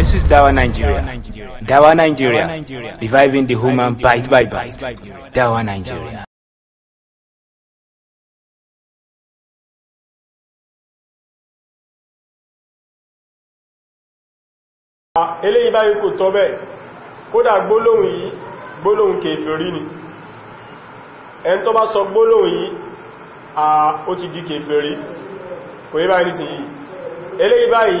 This is Dawa Nigeria. Dawa Nigeria. Reviving the human bite by bite. Dawa Nigeria. Ah, eléyìí báyìí kò tọ́ bẹ́ẹ̀ kódà gbólóhùn yìí gbólóhùn kèfèrí ni ẹn tó bá sọ gbólóhùn yìí a ah, ó ti di kèfèrí kò yí báyìí nísìnyí eléyìí báyìí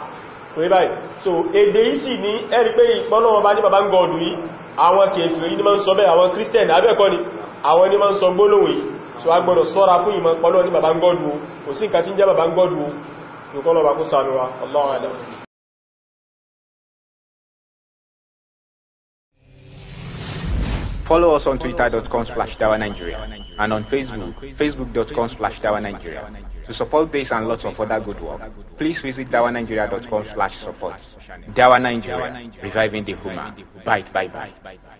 pé báyìí so èdè ìsì ní ẹ̀rí pé ìpọ́nlọ́wọ́n bá ní bàbá ń gọ̀ọ̀dù yìí àwọn kèfèrí yìí ní ma ń sọ bẹ́ẹ̀ àwọn christian abẹ́ẹ̀kọ́ ni àwọn ní ma ń sọ gbólóhùn yìí so a gbọ́dọ̀ sọ́ra fún ìmọ̀ pọ́lọ́ ní bàbá ń gọ̀ọ̀dù kò sí nǹkan tí ń jẹ́ bàbá ń gọ̀ọ̀dù yóò kọ́lọ̀ bá kó ṣàánú wa Follow us on twitter.com slash Dawa Nigeria and on Facebook, facebook.com slash Dawa Nigeria. To support this and lots of other good work, please visit dawanigeria.com slash support. Dawa Nigeria, reviving the human. Bite, bye, bye.